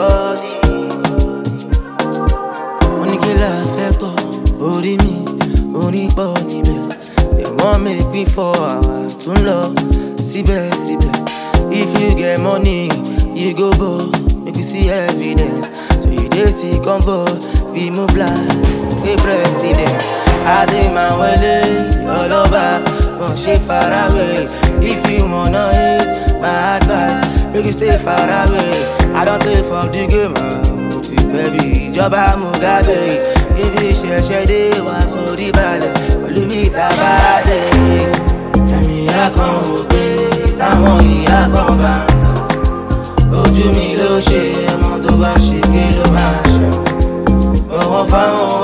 body. Wọ́n kill a la fẹ́ me, only body. orí pọ̀ níbẹ̀. They wan make me for hour tó ń lọ síbẹ̀síbẹ̀. If you get money, you go bo, make you see evidence. So you dey see convo, we move like a president. I my way all Adémáwélé ọlọ́ba, mo far away. If you wanna hate, my advice, make you stay far away. I don't take from the game, mo ti pẹ́ bí ìjọba Mugabe. Ibi ìṣẹ̀ṣẹ̀ dé wá fún ìbàdàn pẹ̀lú bí ìtàbá dé. Tàmí ìyá kan ò gbé táwọn ìyá kan bá ń sọ. Ojú mi ló ṣe ọmọ tó bá ṣe kí ló máa ṣe. Bọ̀wọ̀ fáwọn.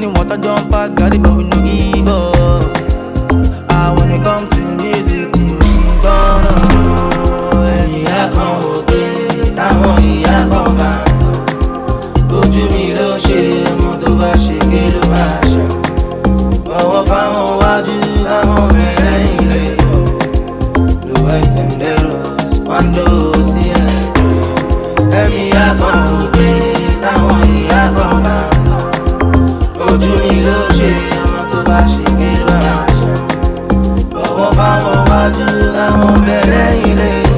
Money, water, jump back, got it, but we no give up. Ah, when it comes to music, you gonna know. Ẹni ẹ kan òkè, táwọn ìyá kan bá sọ. Ojú mi ló ṣe, ọmọ tó bá ṣe ké ló máa ṣe. Bọ̀wọ̀ fáwọn wájú, káwọn mi lẹ́yìn lè bọ̀. Lo ẹ̀tẹ̀ ń dẹ́rọ̀, wọ́n dó sí ẹ̀. Ẹni ẹ Mfano macho yuka mbele ile